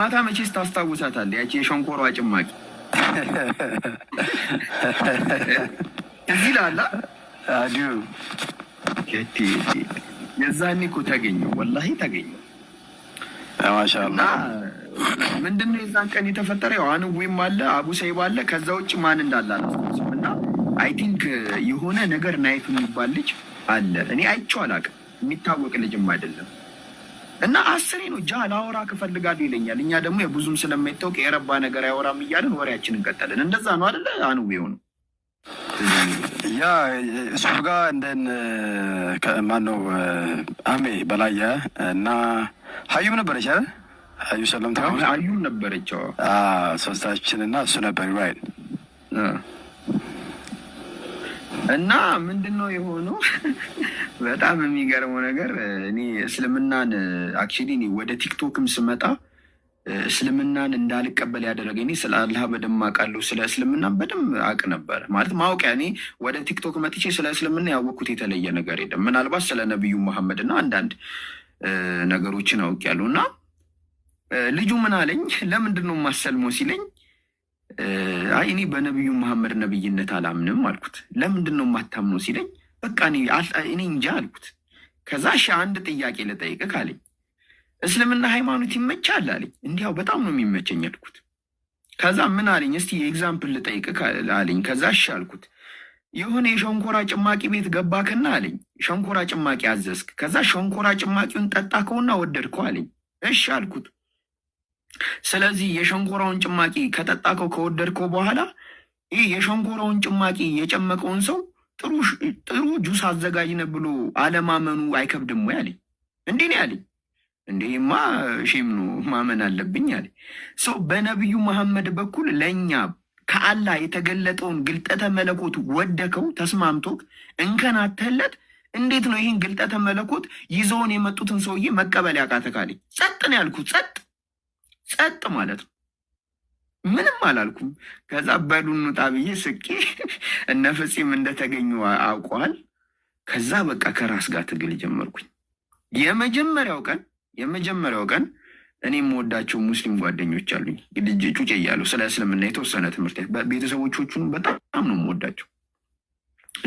ማታ መቼስ ታስታውሳታል። ያቺ የሸንኮሯ ጭማቂ እዚህ ላላ አዲሁ የዛኔ እኮ ተገኘው፣ ወላሂ ተገኘው። ማሻላ ምንድን ነው የዛን ቀን የተፈጠረ ያው አንዌም አለ አቡ ሰይብ አለ። ከዛ ውጭ ማን እንዳለ አላስታውስም። እና አይ ቲንክ የሆነ ነገር ናይፍ የሚባል ልጅ አለ። እኔ አይቼው አላውቅም። የሚታወቅ ልጅም አይደለም። እና አስሬ ነው ጃ ላወራ ክፈልጋለሁ ይለኛል። እኛ ደግሞ የብዙም ስለማይታወቅ የረባ ነገር አያወራም እያለን ወሬያችን እንቀጠልን። እንደዛ ነው አደለ? አን ሆኑ ያ እሱ ጋ እንደን ማን ነው አሜ በላየ እና ሀዩም ነበረች አይደል? ሀዩ ሰለምታ ሀዩም ነበረች። ሶስታችን እና እሱ ነበር ራይል እና ምንድን ነው የሆነው? በጣም የሚገርመው ነገር እኔ እስልምናን አክቹዋሊ እኔ ወደ ቲክቶክም ስመጣ እስልምናን እንዳልቀበል ያደረገ እኔ ስለ አላህ በደንብ አውቃለሁ። ስለ እስልምናን በደንብ አውቅ ነበር ማለት ማወቂያ። እኔ ወደ ቲክቶክ መጥቼ ስለ እስልምና ያወቅኩት የተለየ ነገር የለም። ምናልባት ስለ ነቢዩ መሐመድ እና አንዳንድ ነገሮችን አውቅ ያሉ እና ልጁ ምን አለኝ፣ ለምንድን ነው ማሰልሞ ሲለኝ አይ እኔ በነቢዩ መሐመድ ነብይነት አላምንም አልኩት። ለምንድን ነው የማታምኖ ሲለኝ በቃ እኔ እንጃ አልኩት። ከዛ ሺ አንድ ጥያቄ ልጠይቅህ አለኝ። እስልምና ሃይማኖት ይመቻል አለኝ። እንዲያው በጣም ነው የሚመቸኝ አልኩት። ከዛ ምን አለኝ፣ እስቲ የኤግዛምፕል ልጠይቅህ አለኝ። ከዛ ሺ አልኩት። የሆነ የሸንኮራ ጭማቂ ቤት ገባክና አለኝ፣ ሸንኮራ ጭማቂ አዘዝክ። ከዛ ሸንኮራ ጭማቂውን ጠጣከውና ወደድከው አለኝ። እሺ አልኩት። ስለዚህ የሸንኮራውን ጭማቂ ከጠጣከው ከወደድከው በኋላ ይህ የሸንኮራውን ጭማቂ የጨመቀውን ሰው ጥሩ ጁስ አዘጋጅ ነ ብሎ አለማመኑ አይከብድም ወይ አለኝ። እንዲህ ነው ያለኝ። እንዲህማ ሼም ነው ማመን አለብኝ አለ ሰው። በነቢዩ መሐመድ በኩል ለእኛ ከአላ የተገለጠውን ግልጠተ መለኮት ወደከው ተስማምቶ እንከን አትህለት እንዴት ነው ይህን ግልጠተ መለኮት ይዘውን የመጡትን ሰውዬ መቀበል ያቃተካለኝ? ጸጥ ነው ያልኩት ጸጥ ጸጥ ማለት ነው። ምንም አላልኩም። ከዛ በዱኑ ጣብዬ ስቄ እነ ፍጺም እንደተገኙ አውቀዋል። ከዛ በቃ ከራስ ጋር ትግል ጀመርኩኝ። የመጀመሪያው ቀን የመጀመሪያው ቀን እኔ የምወዳቸው ሙስሊም ጓደኞች አሉኝ። ጩጭ እያሉ ስለ እስልምና የተወሰነ ትምህርት ቤተሰቦቹን በጣም ነው የምወዳቸው።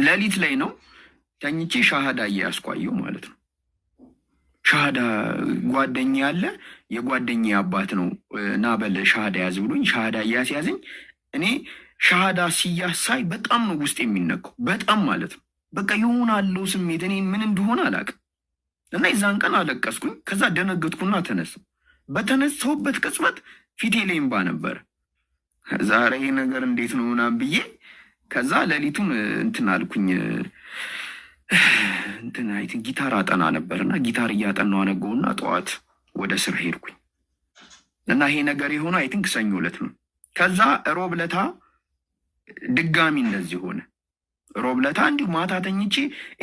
ሌሊት ላይ ነው ተኝቼ ሻሃዳ እያስኳየው ማለት ነው ሻሃዳ ጓደኛ ያለ የጓደኛ አባት ነው እና በል ሻሃዳ ያዝ ብሎኝ ሻሃዳ እያስያዝኝ እኔ ሻሃዳ ሲያሳይ በጣም ነው ውስጥ የሚነካው በጣም ማለት ነው። በቃ የሆነ አለው ስሜት እኔ ምን እንደሆነ አላውቅም። እና የዛን ቀን አለቀስኩኝ። ከዛ ደነገጥኩና ተነሳሁ። በተነሳሁበት ቅጽበት ፊቴ ላይ እምባ ነበር። ዛሬ ይሄ ነገር እንዴት ነው ምናምን ብዬ ከዛ ሌሊቱን እንትን አልኩኝ እንትን አይት ጊታር አጠና ነበር እና ጊታር እያጠናው አነገውና ጠዋት ወደ ስራ ሄድኩኝ እና ይሄ ነገር የሆነ አይ ቲንክ ሰኞ ዕለት ነው። ከዛ ሮብ ድጋሚ እንደዚህ ሆነ። ሮብ ዕለታ እንዲሁ ማታ ተኝቼ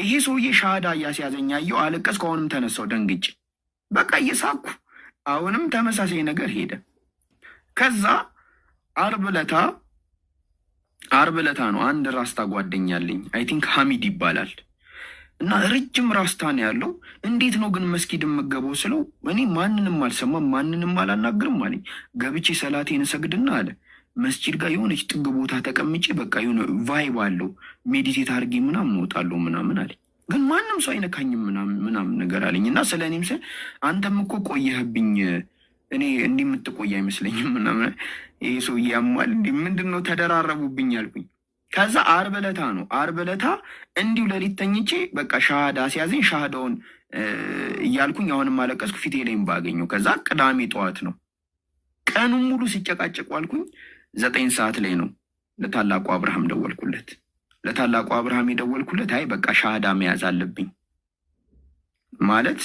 ይሄ ሰውዬ ሻሃዳ እያስያዘኝ አየሁ፣ አለቀስኩ። አሁንም ተነሳው ደንግጬ በቃ እየሳኩ አሁንም ተመሳሳይ ነገር ሄደ። ከዛ አርብ ዕለታ አርብ ነው አንድ ራስታ ጓደኛለኝ አይ ቲንክ ሀሚድ ይባላል እና ረጅም ራስታ ነው ያለው። እንዴት ነው ግን መስጊድ የምገባው ስለው እኔ ማንንም አልሰማም ማንንም አላናግርም አለኝ። ገብቼ ሰላቴን እሰግድና አለ መስጂድ ጋር የሆነች ጥግ ቦታ ተቀምጬ በቃ የሆነ ቫይብ አለው ሜዲቴት አድርጌ ምናምን እወጣለሁ ምናምን አለኝ። ግን ማንም ሰው አይነካኝም ምናምን ነገር አለኝ እና ስለ እኔም ስል አንተም እኮ ቆየህብኝ እኔ እንዲህ የምትቆይ አይመስለኝም ምናምን ይሄ ሰውዬ ያሟል ምንድን ነው ተደራረቡብኝ አልኩኝ። ከዛ አርብ ዕለታ ነው። አርብ ዕለታ እንዲሁ ሌሊት ተኝቼ በቃ ሻሃዳ ሲያዘኝ ሻሃዳውን እያልኩኝ አሁንም አለቀስኩ፣ ፊቴ ላይም ባገኘው። ከዛ ቅዳሜ ጠዋት ነው። ቀኑን ሙሉ ሲጨቃጨቁ ዋልኩኝ። ዘጠኝ ሰዓት ላይ ነው ለታላቁ አብርሃም ደወልኩለት። ለታላቁ አብርሃም የደወልኩለት አይ በቃ ሻሃዳ መያዝ አለብኝ ማለት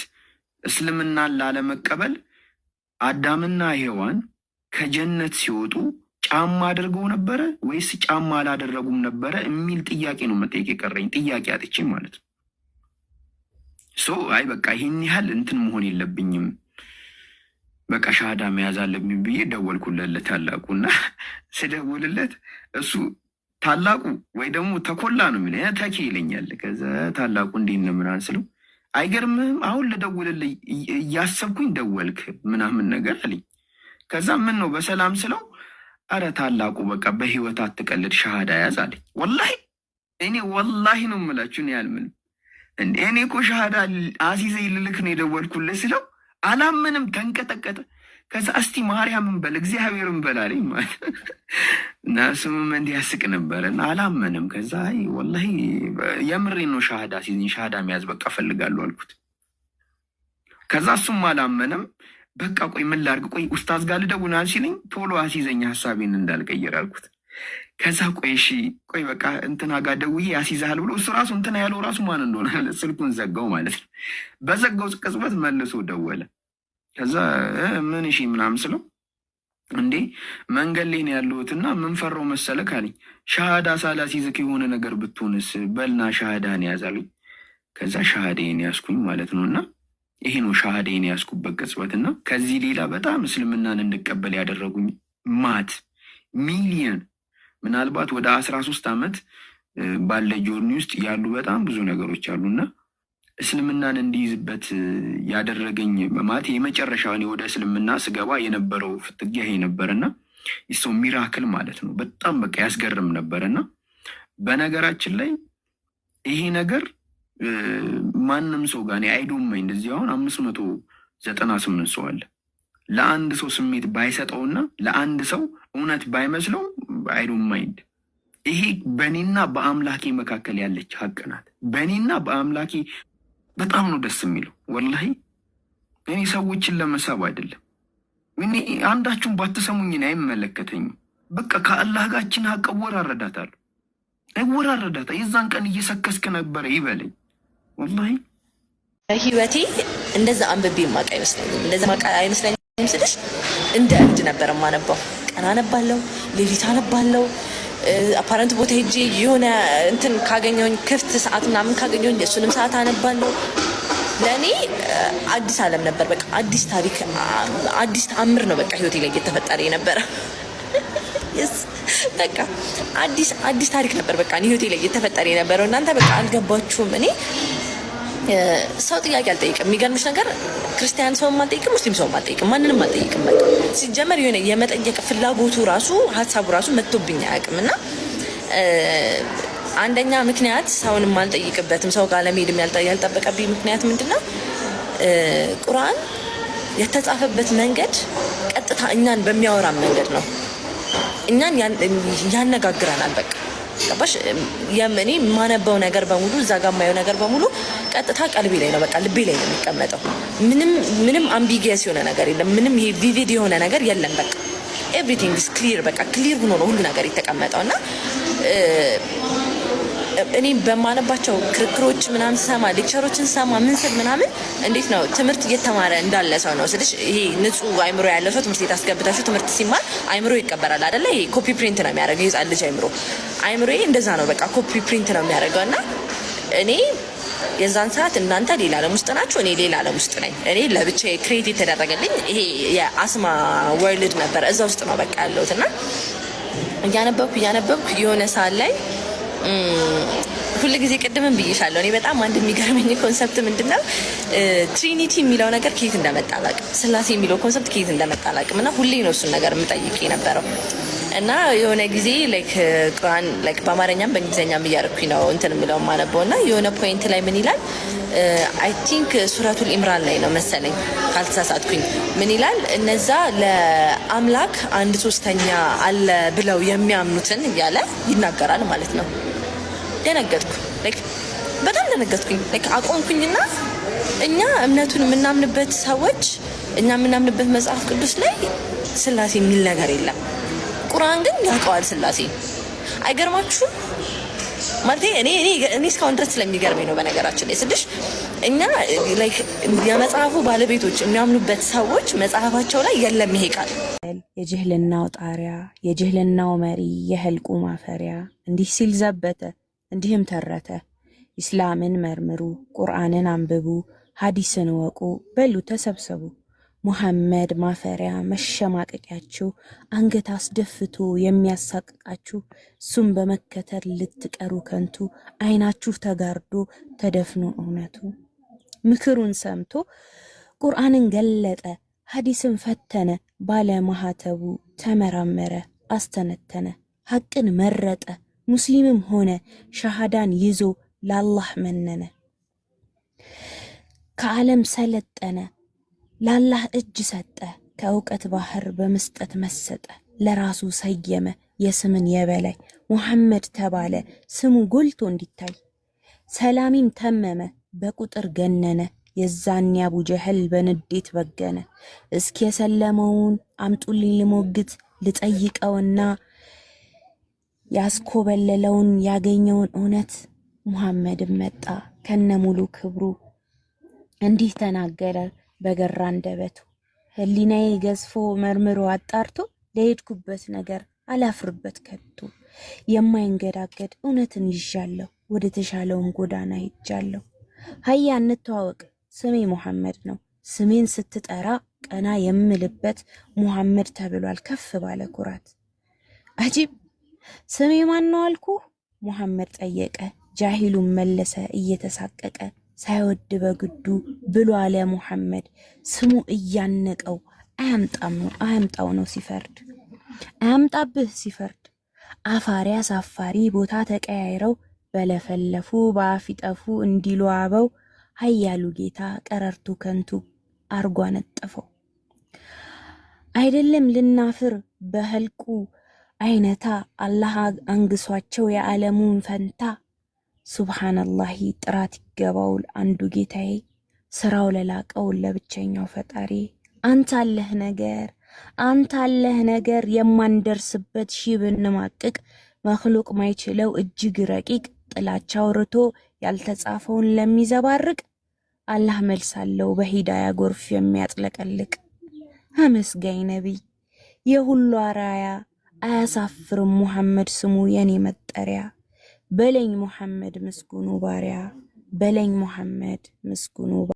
እስልምናን ላለመቀበል አዳምና ሔዋን ከጀነት ሲወጡ ጫማ አድርገው ነበረ ወይስ ጫማ አላደረጉም ነበረ የሚል ጥያቄ ነው መጠየቅ የቀረኝ። ጥያቄ አጥቼ ማለት ነው። ሶ አይ በቃ ይህን ያህል እንትን መሆን የለብኝም በቃ ሻሃዳ መያዝ አለብኝ ብዬ ደወልኩለት ታላቁና፣ ስደውልለት እሱ ታላቁ ወይ ደግሞ ተኮላ ነው የሚለ ተኪ ይለኛል። ከዛ ታላቁ እንዴት ነው ምናምን ስለው አይገርምህም አሁን ልደውልልህ እያሰብኩኝ ደወልክ ምናምን ነገር አለኝ። ከዛ ምን ነው በሰላም ስለው አረ ታላቁ በቃ በህይወት አትቀልድ፣ ሻሃዳ ያዝ አለኝ። ወላሂ እኔ ወላሂ ነው የምላችሁ። እኔ አልምንም። እኔ እኮ ሻሃዳ አሲዘ ልልክ ነው የደወልኩልህ ስለው አላምንም፣ ተንቀጠቀጠ። ከዛ እስቲ ማርያምን በል እግዚአብሔርን በል አለኝ። ማለት እና ስምም እንዲህ ያስቅ ነበረና አላምንም። ከዛ ወላሂ የምሬ ነው ሻሃዳ ሲዝኝ ሻሃዳ መያዝ በቃ እፈልጋለሁ አልኩት። ከዛ እሱም አላመንም። በቃ ቆይ ምን ላድርግ፣ ቆይ ኡስታዝ ጋር ልደውል ሲለኝ ቶሎ አሲዘኝ ሀሳቤን እንዳልቀይር አልኩት። ከዛ ቆይ እሺ ቆይ በቃ እንትና ጋር ደውዬ ያስይዛሃል ብሎ እሱ ራሱ እንትና ያለው ራሱ ማን እንደሆነ ስልኩን ዘጋው ማለት ነው። በዘጋው ቅጽበት መልሶ ደወለ። ከዛ ምን እሺ ምናምን ስለው እንዴ መንገድ ላይ ነው ያለሁትና ምንፈራው መሰለህ ካለኝ ሻሃዳ ሳላሲዝክ የሆነ ነገር ብትሆንስ በልና ሻሃዳን ያዝ አሉኝ። ከዛ ሻሃዴን ያዝኩኝ ማለት ነው እና ይሄ ነው ሻሃዳዬን ያስኩበት ቅጽበት እና ከዚህ ሌላ በጣም እስልምናን እንድቀበል ያደረጉኝ ማት ሚሊየን ምናልባት ወደ አስራ ሶስት ዓመት ባለ ጆርኒ ውስጥ ያሉ በጣም ብዙ ነገሮች አሉና እስልምናን እንዲይዝበት ያደረገኝ ማለት የመጨረሻ እኔ ወደ እስልምና ስገባ የነበረው ፍትጊያ ይሄ ነበርና ይሰው ሚራክል ማለት ነው። በጣም በቃ ያስገርም ነበርና በነገራችን ላይ ይሄ ነገር ማንም ሰው ጋር አይዶማኝ እንደዚህ አሁን አምስት መቶ ዘጠና ስምንት ሰው አለ። ለአንድ ሰው ስሜት ባይሰጠውና ለአንድ ሰው እውነት ባይመስለው አይዶም ማይንድ ይሄ በእኔና በአምላኬ መካከል ያለች ሀቅ ናት። በእኔና በአምላኬ በጣም ነው ደስ የሚለው ወላሂ። እኔ ሰዎችን ለመሳብ አይደለም። እኔ አንዳችሁን ባትሰሙኝን አይመለከተኝም። በቃ ከአላህ ጋችን ሀቅ እወራረዳታለሁ እወራረዳታ የዛን ቀን እየሰከስክ ነበረ ይበለኝ። ወላሂ በህይወቴ እንደዛ አንብቤ ማቅ አይመስለኝም። እንደዛ ማቅ አይመስለኝም ስልሽ እንደ እብድ ነበር የማነባው። ቀን አነባለው፣ ሌሊት አነባለው። አፓረንት ቦታ ሄጄ የሆነ እንትን ካገኘውኝ ክፍት ሰዓት ምናምን ካገኘውኝ እሱንም ሰዓት አነባለው። ለእኔ አዲስ ዓለም ነበር። በቃ አዲስ ታሪክ፣ አዲስ ተአምር ነው በቃ ህይወቴ ላይ እየተፈጠረ የነበረ በቃ አዲስ አዲስ ታሪክ ነበር በቃ ህይወቴ ላይ እየተፈጠረ የነበረው። እናንተ በቃ አልገባችሁም እኔ ሰው ጥያቄ አልጠይቅም። የሚገርምሽ ነገር ክርስቲያን ሰውም አልጠይቅም፣ ሙስሊም ሰውም አልጠይቅም፣ ማንንም አልጠይቅም። በቃ ሲጀመር የሆነ የመጠየቅ ፍላጎቱ ራሱ ሀሳቡ ራሱ መጥቶብኝ አያውቅም። እና አንደኛ ምክንያት ሰውን አልጠይቅበትም፣ ሰው ጋር ለመሄድም ያልጠበቀብኝ ምክንያት ምንድን ነው? ቁርአን የተጻፈበት መንገድ ቀጥታ እኛን በሚያወራ መንገድ ነው። እኛን ያነጋግረናል በቃ ገባሽ? የምኔ የማነበው ነገር በሙሉ እዛ ጋር የማየው ነገር በሙሉ ቀጥታ ቀልቤ ላይ ነው፣ በቃ ልቤ ላይ ነው የሚቀመጠው። ምንም አምቢጊየስ የሆነ ነገር የለም። ምንም ይሄ ቪቪድ የሆነ ነገር የለም። በቃ ኤቭሪቲንግ ኢዝ ክሊር። በቃ ክሊር ሆኖ ነው ሁሉ ነገር የተቀመጠው እና እኔ በማነባቸው ክርክሮች ምናምን ሰማ ሌክቸሮችን ሰማ ምን ስል ምናምን እንዴት ነው ትምህርት እየተማረ እንዳለ ሰው ነው ስልሽ፣ ይሄ ንጹህ አይምሮ ያለው ሰው ትምህርት ቤት አስገብታችሁ ትምህርት ሲማር አይምሮ ይቀበራል አደለ ይሄ ኮፒ ፕሪንት ነው የሚያደርገው የህፃን ልጅ አይምሮ። አይምሮዬ እንደዛ ነው፣ በቃ ኮፒ ፕሪንት ነው የሚያደርገው እና እኔ የዛን ሰዓት እናንተ ሌላ ዓለም ውስጥ ናችሁ፣ እኔ ሌላ አለም ውስጥ ነኝ። እኔ ለብቻ ክሬት የተደረገልኝ ይሄ የአስማ ወርልድ ነበር። እዛ ውስጥ ነው በቃ ያለሁት እና እያነበብኩ እያነበብኩ የሆነ ሰዓት ላይ ሁል ጊዜ ቅድምን ብይሻለሁ። እኔ በጣም አንድ የሚገርመኝ ኮንሰፕት ምንድነው ትሪኒቲ የሚለው ነገር ከየት እንደመጣ አላውቅም። ስላሴ የሚለው ኮንሰፕት ከየት እንደመጣ አላውቅም። እና ሁሌ ነው እሱን ነገር የምጠይቅ የነበረው እና የሆነ ጊዜ ላይክ ቁርአን ላይክ በአማርኛም በእንግሊዝኛም እያደረኩኝ ነው እንትን የሚለው የማነበው እና የሆነ ፖይንት ላይ ምን ይላል አይ ቲንክ ሱረቱል ኢምራን ላይ ነው መሰለኝ ካልተሳሳትኩኝ፣ ምን ይላል እነዛ ለአምላክ አንድ ሶስተኛ አለ ብለው የሚያምኑትን እያለ ይናገራል ማለት ነው። ደነገጥኩ። በጣም ደነገጥኩኝ። አቆምኩኝና እኛ እምነቱን የምናምንበት ሰዎች እኛ የምናምንበት መጽሐፍ ቅዱስ ላይ ስላሴ የሚል ነገር የለም። ቁርአን ግን ያውቀዋል ስላሴ። አይገርማችሁም? ማለት እኔ እኔ እስካሁን ድረስ ስለሚገርመኝ ነው። በነገራችን ላይ ስድሽ እኛ የመጽሐፉ ባለቤቶች የሚያምኑበት ሰዎች መጽሐፋቸው ላይ የለም ይሄ ቃል። የጅህልናው ጣሪያ፣ የጅህልናው መሪ፣ የህልቁ ማፈሪያ እንዲህ ሲል ዘበተ እንዲህም ተረተ። ኢስላምን መርምሩ፣ ቁርአንን አንብቡ፣ ሐዲስን ወቁ፣ በሉ ተሰብሰቡ። ሙሐመድ ማፈሪያ መሸማቀቂያችሁ፣ አንገት አስደፍቶ የሚያሳቅቃችሁ፣ እሱም በመከተል ልትቀሩ ከንቱ፣ አይናችሁ ተጋርዶ ተደፍኖ እውነቱ። ምክሩን ሰምቶ ቁርአንን ገለጠ፣ ሐዲስን ፈተነ፣ ባለ ማህተቡ ተመራመረ፣ አስተነተነ፣ ሐቅን መረጠ። ሙስሊምም ሆነ ሻሃዳን ይዞ ላላህ መነነ፣ ከዓለም ሰለጠነ፣ ላላህ እጅ ሰጠ፣ ከእውቀት ባህር በመስጠት መሰጠ፣ ለራሱ ሰየመ፣ የስምን የበላይ ሙሐመድ ተባለ፣ ስሙ ጎልቶ እንዲታይ ሰላሚም ተመመ፣ በቁጥር ገነነ። የዛኔ አቡ ጀህል በንዴት በገነ፣ እስኪ የሰለመውን አምጡልኝ ልሞግት ልጠይቀውና ያስኮበለለውን ያገኘውን እውነት ሙሐመድም መጣ ከነ ሙሉ ክብሩ እንዲህ ተናገረ በገራ አንደበቱ። ህሊናዬ ገዝፎ መርምሮ አጣርቶ ለሄድኩበት ነገር አላፍርበት ከቶ። የማይንገዳገድ እውነትን ይዣለሁ፣ ወደ ተሻለውን ጎዳና ይጃለሁ ሀያ እንተዋወቅ፣ ስሜ ሙሐመድ ነው። ስሜን ስትጠራ ቀና የምልበት ሙሐመድ ተብሏል ከፍ ባለ ኩራት አጂብ ስሜ ማን ነው አልኩ? ሙሐመድ ጠየቀ። ጃሂሉን መለሰ እየተሳቀቀ ሳይወድ በግዱ ብሎ አለ ሙሐመድ። ስሙ እያነቀው አያምጣም ነው አያምጣው ነው ሲፈርድ አያምጣብህ ሲፈርድ አፋሪ አሳፋሪ ቦታ ተቀያይረው በለፈለፉ በአፊጠፉ እንዲሉ አበው ሀያሉ ጌታ ቀረርቱ ከንቱ አርጓ ነጠፈው አይደለም ልናፍር በህልቁ አይነታ አላህ አንግሷቸው የዓለሙን ፈንታ። ሱብሓነላሂ ጥራት ይገባው አንዱ ጌታዬ ስራው ለላቀው ለብቸኛው ፈጣሪ አንታለህ ነገር አንታለህ ነገር የማንደርስበት ሺ ብንማቅቅ መክሉቅ ማይችለው እጅግ ረቂቅ ጥላቻ አውርቶ ያልተጻፈውን ለሚዘባርቅ አላህ መልስ አለው በሂዳያ ጎርፍ የሚያጥለቀልቅ አመስጋኝ ነቢይ የሁሉ አራያ አያሳፍርም ሙሐመድ ስሙ የኔ መጠሪያ በለኝ ሙሐመድ ምስጉኑ ባሪያ በለኝ ሙሐመድ ምስጉኑ